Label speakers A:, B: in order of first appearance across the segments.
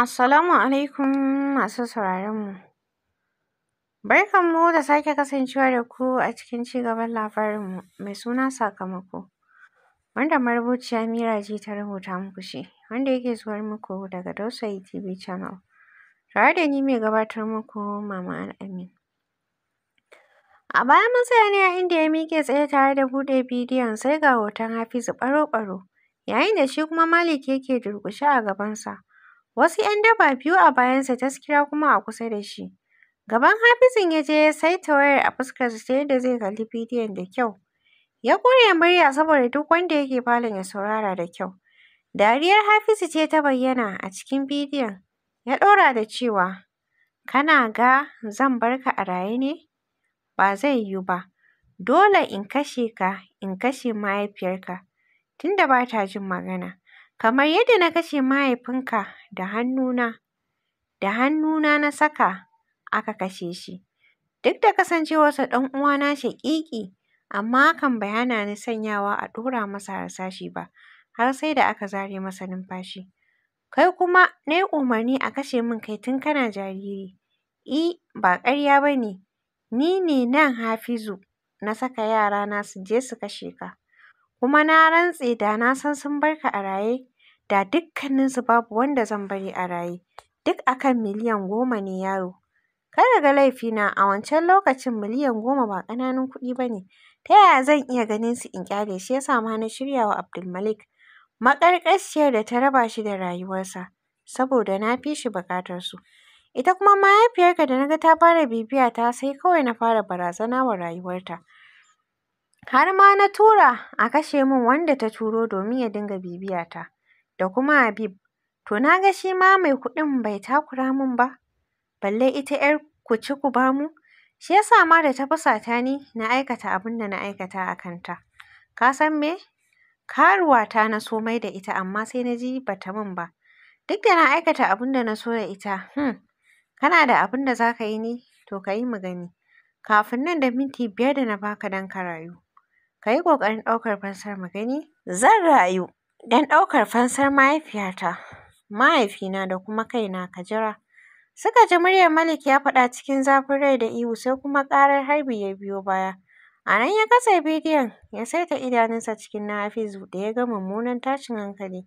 A: Assalamu alaikum masu sauraronmu. Barkanmu da sake kasancewa da ku a cikin ci cigaban labarinmu mai suna sakamako, wanda marubuciya Mira ji ta rubuta muku shi, wanda yake zuwar muku daga Dausayi TV Channel, tare da ni mai gabatar muku Mama Al'amin. A baya mun ne a inda ya miƙe tsaye tare da buɗe bidiyon sai ga hoton Hafizu ɓaro-ɓaro, yayin da shi kuma Malik yake durƙushe a gabansa. wasu ‘yan daba biyu a bayansa, ta taskiya kuma a kusa da shi. Gaban Hafizun ya je ya saita wayar a fuskarsa ta yadda zai kalli bidiyon da kyau. Ya ƙure murya saboda duk wanda yake falon ya saurara da kyau. Dariyar Hafizu ce ta bayyana a cikin bidiyon. Ya ɗora da cewa, kana ga zan bar ka a raye ne? Ba zai yiwu ba. Dole in kashe ka, in kashe mahaifiyarka, tunda ba ta jin magana. Kamar yadda na kashe mahaifinka da hannuna, da hannuna na saka aka kashe shi. Duk da kasancewarsa ɗan uwana shaƙiƙi, amma hakan bai hana ni sanyawa a ɗora masa harsashi ba, har sai da aka zare masa numfashi. Kai kuma na yi umarni a kashe min kai tun kana jariri. I, e, ba ƙarya ba ne, ni ne nan Hafizu na saka yarana su je su kashe ka, kuma na rantse da na san sun bar ka a raye, da dukkaninsu babu wanda zan bari a raye, duk akan miliyan goma ne yaro. Kada ga na a wancan lokacin miliyan goma ba ƙananan kuɗi ba ne, ta yaya zan iya ganin su in ƙyale shi ya sa ma na shirya wa Abdulmalik maƙarƙashiyar da ta raba shi da rayuwarsa, saboda na fi shi buƙatarsu. Ita kuma mahaifiyarka da na ga ta fara bibiyata, sai kawai na fara barazana wa rayuwarta. Har ma na tura a kashe min wanda ta turo domin ya dinga bibiyata. da kuma Habib, to na ga shi ma mai kuɗin bai takura min ba, balle ita 'yar ku-ci-ku-ba-mu, shi ya sa ma da ta fusata ni na aikata abin da na aikata a kanta. Ka san me? Karuwata na so mai da ita amma sai na ji ba ta min ba. Duk da na aikata abin da na so da ita, hmm, kana da abin da za ka yi ne? To ka yi mu gani. Kafin nan da minti biyar da na baka don ka rayu, ka yi ƙoƙarin ɗaukar fansar mu gani, zan rayu. don ɗaukar fansar mahaifiyata, mahaifina da kuma kaina ka jira. Suka ji muryar Malik ya faɗa cikin zafin rai da ihu sai kuma ƙarar harbi ya biyo baya. A nan ya katse bidiyon ya saita idanunsa cikin na Hafizu da ya ga mummunan tashin hankali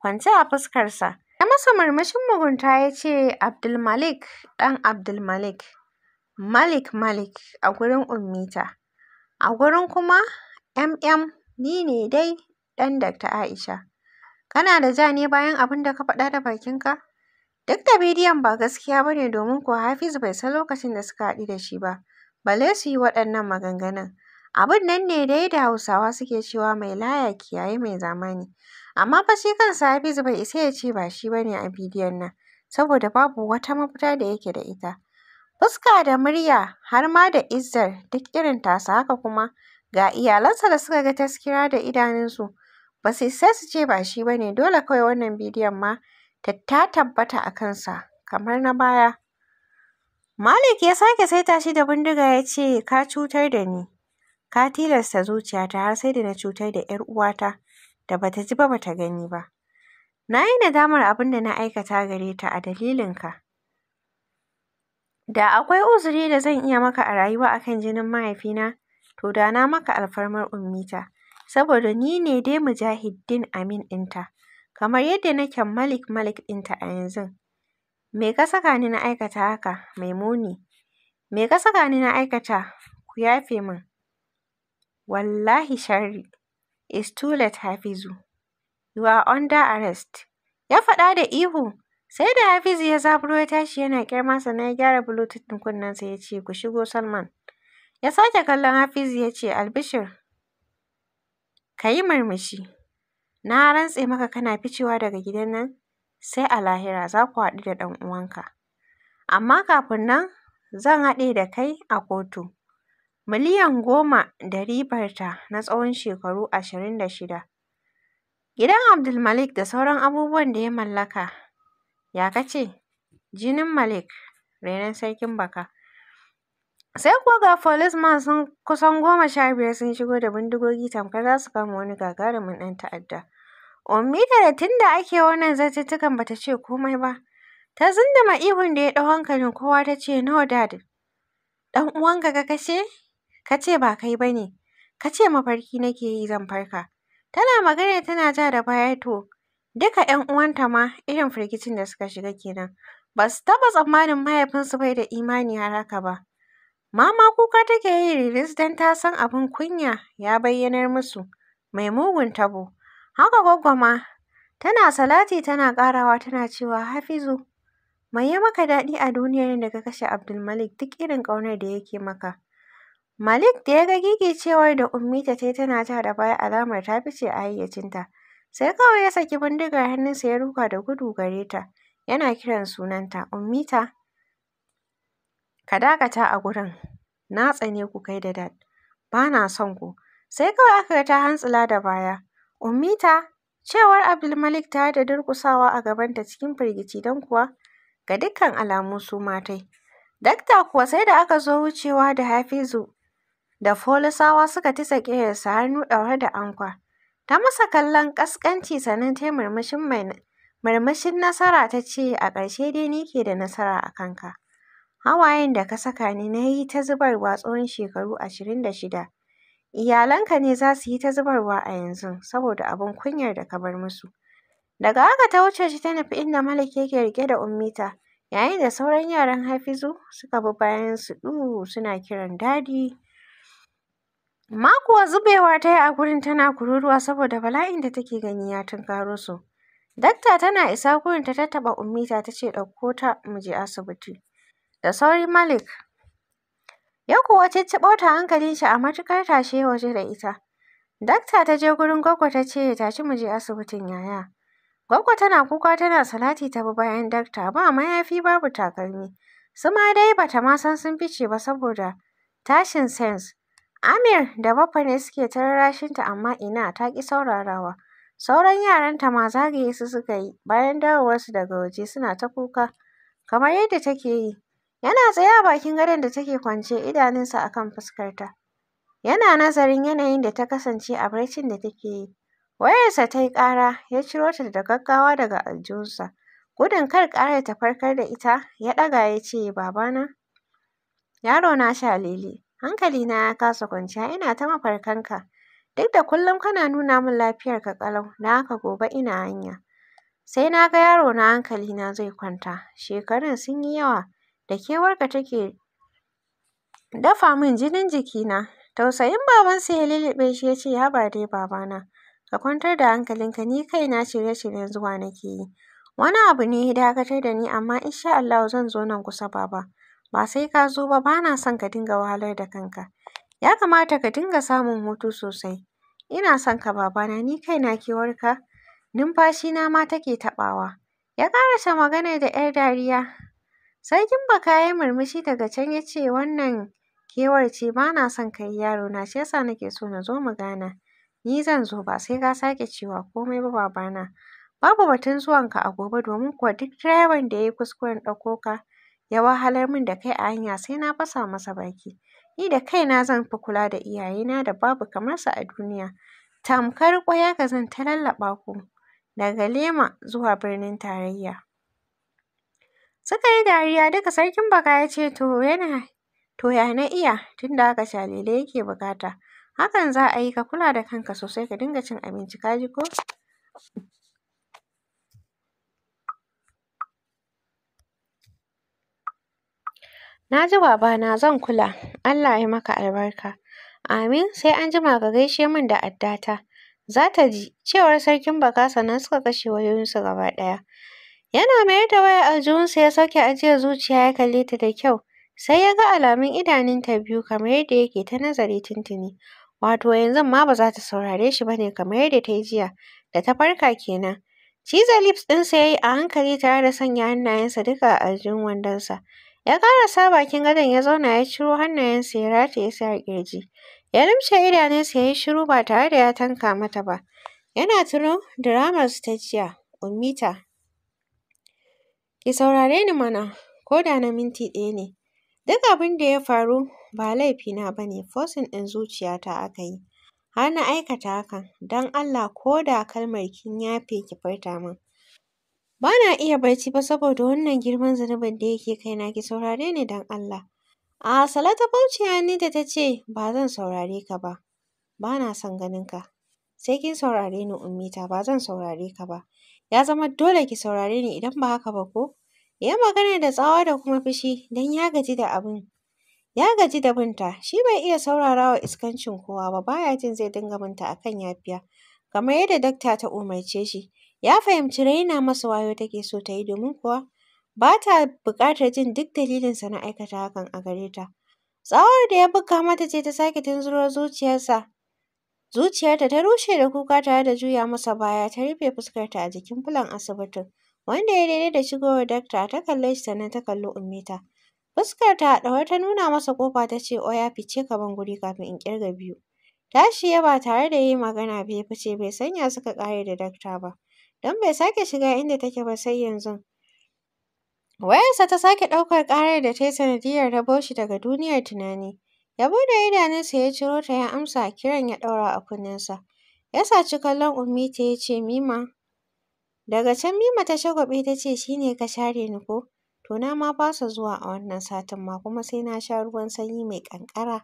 A: kwance a fuskarsa. Ya masa murmushin mugunta ya ce Abdulmalik ɗan Abdulmalik, Malik Malik a gurin Ummita, a gurin kuma MM ni ne dai ɗan Dr. Aisha. Kana da ja ne bayan abin da ka faɗa da bakinka? Duk da bidiyon ba gaskiya ba ne domin kuwa Hafizu bai san lokacin da suka haɗu da shi ba, balle su yi waɗannan maganganun. Abin nan ne dai da Hausawa suke cewa mai laya kiyaye mai zamani. Amma fa shi kansa Hafizu bai isa ya ce ba shi ba ne a bidiyon nan, saboda babu wata mafita da yake da ita. Fuska da murya har ma da izzar duk irin tasa haka kuma ga iyalansa da suka ga taskira da idanunsu ba su sai su ce ba shi ba ne, dole kawai wannan bidiyon ma ta tabbata a kansa kamar na baya. Malik ya sake saita shi da bindiga ya ce, Ka cutar da ni, ka tilasta zuciyata har sai da na cutar da ‘yar uwata da bata ji ba bata gani ba. Na yi nadamar abin da na aikata gare ta a dalilin ka Da akwai uzuri da zan iya maka a rayuwa akan jinin mahaifina, to da na maka alfarmar Ummita. saboda ni ne dai a Amin ɗinta, kamar yadda nake Malik Malik ɗinta a yanzu, Me ka saka ni na aikata haka, Maimuni? Me ka saka ni na aikata? Ku yafe min. Wallahi sharri. It's too late, Hafizu. You are under arrest. Ya faɗa da ihu. Sai da Hafizu ya zaburo ya tashi yana ƙyarma sannan ya gyara bluetooth ɗin kunnensa ya ce, ku shigo Salman. Ya sake kallon Hafizu ya ce, albishir. Ka yi murmushi, na rantse maka kana ficewa daga gidan nan sai a lahira za ku haɗu da ɗan uwanka Amma kafin nan zan haɗe da kai a kotu. Miliyan goma da ribarta na tsawon shekaru ashirin da shida. Gidan Abdulmalik da sauran abubuwan da ya mallaka. Ya kace? Jinin Malik, renon sarkin baka. Sai kuwa ga folisman sun kusan goma sha biyar sun shigo da bindigogi tamkar za su kama wani gagarumin ɗan ta'adda. Omi da tun da ake wannan zantuttukan ba ta ce komai ba. Ta zindima ihun da ya ɗau hankalin kowa ta ce no dad. Ɗan uwanka ka kashe? Ka ce ba kai ba ne. Ka ce mafarki nake yi zan farka. Tana magana tana ja da baya to duka ‘yan uwanta ma irin firgicin da suka shiga kenan. Ba su taɓa tsammanin mahaifinsu bai da imani har haka ba. Mama kuka take yi riris don ta san abin kunya ya bayyanar musu mai mugun tabo. Haka Gwaggo ma tana salati tana ƙarawa tana cewa Hafizu mai ya maka daɗi a duniyar da ka kashe Abdulmalik duk irin ƙaunar da yake maka. Malik da ya ga gigicewar da Ummi ta tai tana ta da baya alamar ta fice a hayyacinta. Sai kawai ya saki bindigar hannunsa ya ruka da gudu gare ta yana kiran sunanta Ummita Ka dakata a gurin, na tsane ku kai da Dad, ba na son ku. Sai kawai aka ga ta hantsila da baya. umita cewar Abdulmalik tare da durkusawa a gabanta cikin firgici don kuwa ga dukkan alamu su matai. Dakta kuwa sai da aka zo wucewa da Hafizu da Folisawa suka tisa ƙeyarsa hannu ɗaure da ankwa. Ta masa kallon ƙasƙanci sannan ta murmushin mai murmushin nasara ta ce a ƙarshe dai ni ke da nasara a kanka. Hawayen da ka saka ni na yi ta zubarwa tsawon shekaru ashirin da shida, iyalanka ne za su yi ta zubarwa a yanzu saboda abin kunyar da ka bar musu. Daga haka ta wuce shi ta nufi inda Malik yake rike da Ummita, yayin da sauran yaran Hafizu suka bi bayansu ɗuu suna kiran Dadi. Ma kuwa zubewa ta yi a gurin tana kururuwa saboda bala'in da take gani ya tunkaro su. Dakta tana isa gurin ta tattaɓa Ummita ta ce ɗauko ta mu je asibiti. da saurin Malik. Ya kuwa cicciɓo ta hankalin shi a matuƙar tashe waje da ita. Dakta ta je gurin Gwaggo ta ce tashi mu je asibitin yaya. Gwaggo tana kuka tana salati ta bi bayan dakta ba mayafi babu takalmi. Su ma dai ba ta ma san sun fice ba saboda tashin sense. Amir da Baffa ne suke ta amma ina ta ƙi saurarawa. Sauran yaranta ma zagaye su suka yi bayan dawowarsu daga waje suna ta kuka kamar yadda take yi. Yana tsaye a bakin gadon da take kwance, idanunsa a kan fuskarta. Yana nazarin yanayin da ta kasance a barcin da take yi. Wayarsa ta yi ƙara, ya ciro ta da gaggawa daga aljihunsa. Gudun kar ƙarar ta farkar da ita, ya ɗaga ya ce, Babana, yaro na hankali na ya kasa kwanciya, ina ta mafarkanka. Duk da kullum kana nuna min ka ƙalau, na haka gobe ina hanya. Sai na ga yaro na hankalina zai kwanta, shekarun sun yi yawa. da kewar kewarka take dafa min jinin jikina. Tausayin babansa ya lulluɓe shi ya ce, haba dai babana, ka kwantar da hankalinka ni kaina shirye-shiryen zuwa nake yi. Wani abu ne ya dakatar da ni amma in sha Allahu zan zo nan kusa baba. Ba sai ka zo ba, bana son ka dinga wahalar da kanka. Ya kamata ka dinga samun hutu sosai. Ina son ka babana, ni kaina kewarka numfashina ma take taɓawa. Ya ƙarasa maganar da ‘yar dariya Sarkin baka ya yi murmushi daga can ya ce, Wannan kewar ce ba na son ka yi yarona, shi yasa nake so na zo mu gana. Ni zan zo ba sai ka sake cewa komai ba babana. Babu batun zuwanka a gobe domin kuwa duk direban da ya yi kuskuren ɗauko ka ya wahalar min da kai a hanya sai na fasa masa baki. Ni da kaina zan fi kula da iyayena da babu kamar su a duniya. Tamkar ƙwaya ka zan ta lallaɓa ku daga Lema zuwa birnin tarayya. Suka yi dariya duka sarkin baka ya ce to yana to ya na iya tunda haka shalele yake bukata Hakan za a yi ka kula da kanka sosai ka dinga cin abinci ka ji ko. Na ji babana zan kula, Allah ya maka albarka. Amin sai an jima ka gaishe min da addata. Za ta ji, cewar sarkin baka sannan suka kashe wayoyinsu gaba ɗaya. Yana mayar da wayar aljihunsa ya sauke ajiyar zuciya ya kalle ta da kyau. Sai ya ga alamun idanunta biyu kamar yadda yake ta nazari tuntuni. Wato yanzu ma ba za ta saurare shi ba ne kamar yadda ta yi jiya da ta farka kenan. Ciza lips ɗinsa ya yi a hankali tare da sanya hannayensa duka a aljihun wandonsa. Ya sa bakin gadon ya zauna ya ciro hannayensa ya rataye su a ƙirji. Ya lumshe idanunsa ya yi shiru ba tare da ya tanka mata ba. Yana tuno diramarsu ta jiya, Ummita. Ki saurare ni mana, ko da na minti ɗaya ne. Duk abin da ya faru ba laifi na ba ne, fosin ɗin zuciya ta aka yi. Har na aikata hakan, don Allah ko da kalmar kin yafe ki furta min. Ba na iya barci ba saboda wannan girman zunubin da yake kaina, ki saurare ni don Allah. A hasale ta bauchi hannunta ta ce, ba zan saurare ka ba, ba na son ganinka. sai kin saurare ni ummita ba zan saurare ka ba ya zama dole ki saurare ni idan ba haka ba ko ya magana da tsawa da kuma fushi don ya gaji da abin ya gaji da binta shi bai iya saurara wa iskancin kowa ba baya jin zai dinga binta akan yafiya kamar yadda dakta ta umarce shi ya fahimci raina masa wayo take so ta yi domin kuwa ba ta buƙatar jin duk dalilinsa na aikata hakan a gare ta tsawar da ya buga mata ce ta sake tunzuro zuciyarsa Zuciyarta ta rushe da kuka tare da juya masa baya ta rufe fuskarta a jikin fulan asibitin, wanda ya daidai da shigowar dakta ta kalle shi sannan ta kalli ummeta. Fuskarta a ɗaure ta nuna masa ƙofa ta ce oya fice ka ban guri kafin in ƙirga biyu. Tashi ya ba tare da yi magana ba ya fice bai sanya suka kare da dakta ba, don bai sake shiga inda take ba sai yanzu. Wayarsa ta sake ɗaukar ƙarar da ta yi sanadiyyar rabo shi daga duniyar tunani. Ya buɗe idanunsa ya ciro ta ya amsa kiran ya ɗaura a kunnensa. Ya saci kallon ta ya ce, Mima. Daga can Mima ta shagwaɓe ta ce, shi ne ka share ni ko? To na ma fasa zuwa a wannan satin ma kuma sai na sha ruwan sanyi mai ƙanƙara.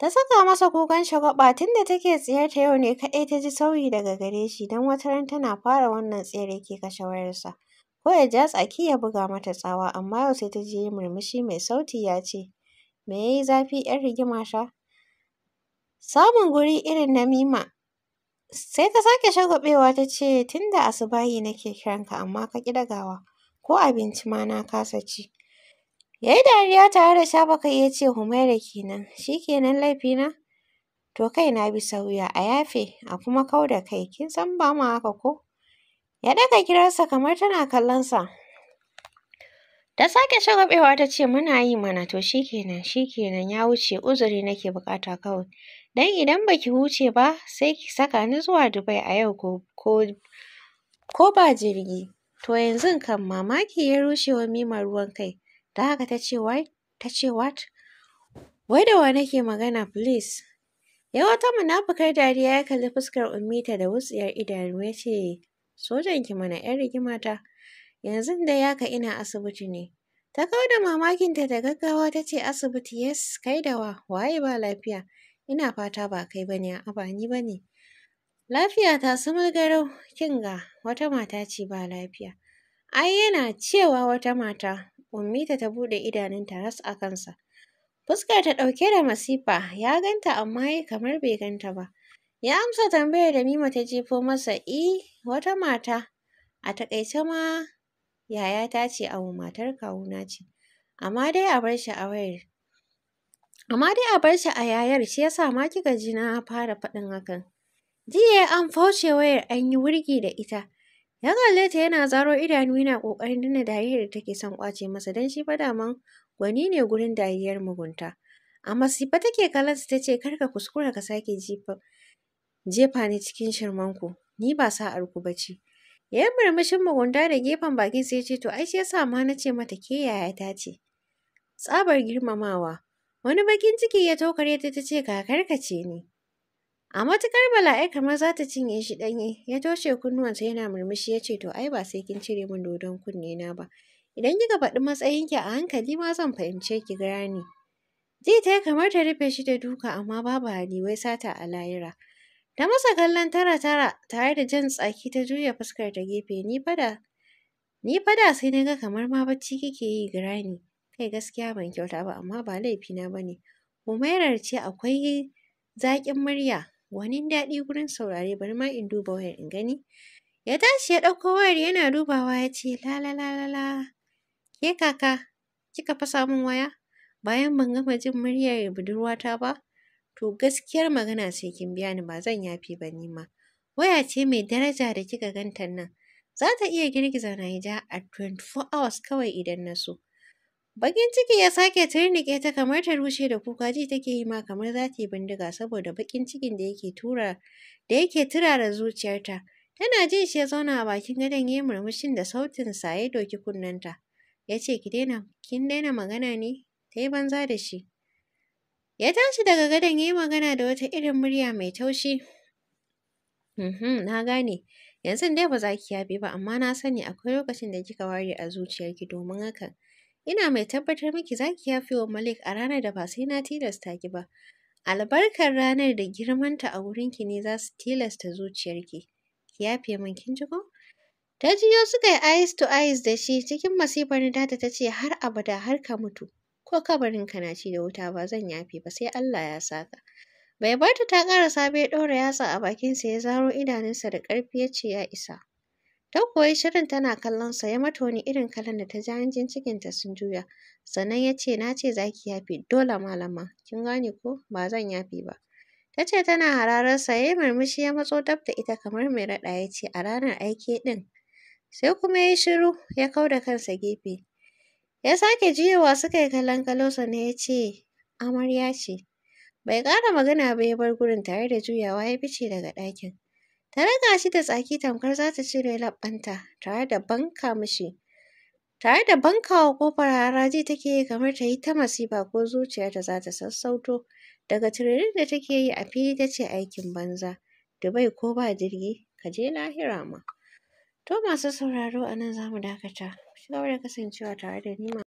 A: Ta saka masa kukan shagwaɓa tunda take tsiyarta yau ne kaɗai ta ji sauyi daga gare shi don wata ran tana fara wannan tsiyar yake kashe wayarsa. Ko ya ja tsaki ya buga mata tsawa amma yau sai ta ji murmushi mai sauti ya ce, Me yayi zafi 'yan rigima sha? Samun guri irin na Mima. Sai ta sake shagwaɓewa ta ce, tun da asubahi nake kiranka amma ka ƙi ɗagawa. Ko abinci ma na kasa ci. yayi dariya tare da shafa kai ya ce, Humaira kenan. Shi kenan laifina? To kai na bi sauya, a yafe, a kuma kau da kai. Kin san ba mu haka ko? Ya ɗaga kirarsa kamar tana kallon sa. Ta sake shagwaɓewa ta ce muna yi mana to shi kenan shi kenan ya wuce uzuri nake buƙata kawai. don idan baki huce ba sai ki saka ni zuwa Dubai a yau ko ba jirgi. To yanzu kan mamaki ya rushe wa Mima ruwan kai. Da haka ta ce wai ta ce what? Wai da wa nake magana please? Ya wata munafukar dariya ya kalli fuskar umita da wutsiyar idanu ya ce sojanki mana 'yan rigimata. yanzun dai haka ina asibiti ne. Ta kawo da mamakinta da gaggawa ta ce asibiti yes kai da wa waye ba lafiya ina fata ba kai bane a'a ba ni bane. Lafiya ta sumul garau kin ga wata mata ce ba lafiya. Ai yana cewa wata mata ummita ta ta buɗe idanunta ras a kansa. Fuskar ta ɗauke da masifa ya ganta amma ya kamar bai ganta ba. Ya amsa tambayar da Mima ta jefo masa i eh, wata mata a takaice ma yayata ce awu matar kawuna ce amma dai a bar shi a wayar amma dai a bar shi a yayar shi yasa ma kika ji na fara faɗin hakan jiya an fauce wayar an yi wurgi da ita ya kalle ta yana zaro idanu yana ƙoƙarin dana dariyar da take son kwace masa don shi fa daman gwani ne gurin dariyar mugunta amma fa take kallon ta ce kar ka kuskura ka sake jefa jefa ni cikin shirmanku ni ba sa'ar ku bace Ya yi murmushin mugunta da gefen baki sai ce to ai shi yasa ma na ce mata ke ta ce. Tsabar girmamawa. Wani bakin ciki ya tokare ta ta ce ka ce ni. A matukar bala'ai kamar za ta cinye shi danye ya toshe kunnuwansa yana murmushi ya ce to ai ba sai kin cire min dodon kunne na ba. Idan kika faɗi matsayinki a hankali ma zan fahimce ki gane. Zai ta kamar ta rufe shi da duka amma babu hali wai sata a layira. Ta masa kallon tara-tara tare da jan tsaki ta juya fuskar ta gefe ni fada. Ni fada sai na ga kamar ma bacci kike yi girani. Kai gaskiya ban kyauta ba amma ba laifina ba ne. Umairar ce akwai zaƙin murya wani daɗi gurin saurare bari ma in duba wayar in gani. Ya tashi ya ɗauko wayar yana dubawa ya ce la Ke kaka kika fasa min waya? Bayan ban gama jin muryar budurwata ba. to gaskiyar magana sai kin biya ni ba zan yafi ba ni ma. Waya ce mai daraja da kika ganta nan, za ta iya girgiza Naija a 24 hours kawai idan na so. Bakin ciki ya sake turnike ta kamar ta rushe da kuka ji take yi ma kamar za ta yi bindiga saboda bakin cikin da yake tura da yake turara zuciyarta. Tana jin shi ya zauna a bakin gadon ya murmushin da sautin sa ya doki kunnenta. Ya ce ki daina kin daina magana ne? Ta yi banza da shi. Ya tashi daga gadon ya yi magana da wata irin murya mai taushi. Mm-hmm, na gane, yanzu dai ba za ki yabe ba, amma na sani akwai lokacin da kika ware a zuciyarki domin hakan. Ina mai tabbatar miki za ki yafe wa Malik a ranar da ba sai na tilasta ki ba. Albarkar ranar da girmanta a wurinki ne za su tilasta zuciyarki. Ki yafe min kin ji ko? Ta jiyo suka yi eyes to eyes da shi cikin masifar da ta ce har abada har ka mutu. ko kabarin na ci da wuta ba zan yafe ba sai Allah ya saka. Bai bar ta ta ƙarasa ba ɗora yatsa a bakinsa ya zaro idanunsa da ƙarfi ya ce ya isa. Ta koyi shirin tana kallon sa ya mata wani irin kalan da ta ji hanjin cikinta sun juya. Sannan ya ce na ce za ki yafe dole malama kin gane ko ba zan yafe ba. Ta ce tana hararsa ya yi murmushi ya matso dab da ita kamar mai raɗa ya ce a ranar aiki ɗin. Sai kuma ya yi shiru ya kau da kansa gefe. Ya sake jiyewa suka yi kallon kallo sannan ya ce, Amarya ce. Bai ƙara magana ba ya bar gurin tare da juyawa ya fice daga ɗakin. Ta raka shi da tsaki tamkar za ta cire labbanta tare da banka mishi. Tare da bankawa ƙofar haraji take yi kamar ta yi ta masifa ko zuciyarta za ta sassauto daga tururin da take yi a fili ta ce aikin banza. Dubai ko ba jirgi, ka je lahira ma. To masu sauraro a nan za mu dakata. Ci gaba da kasancewa tare da ni.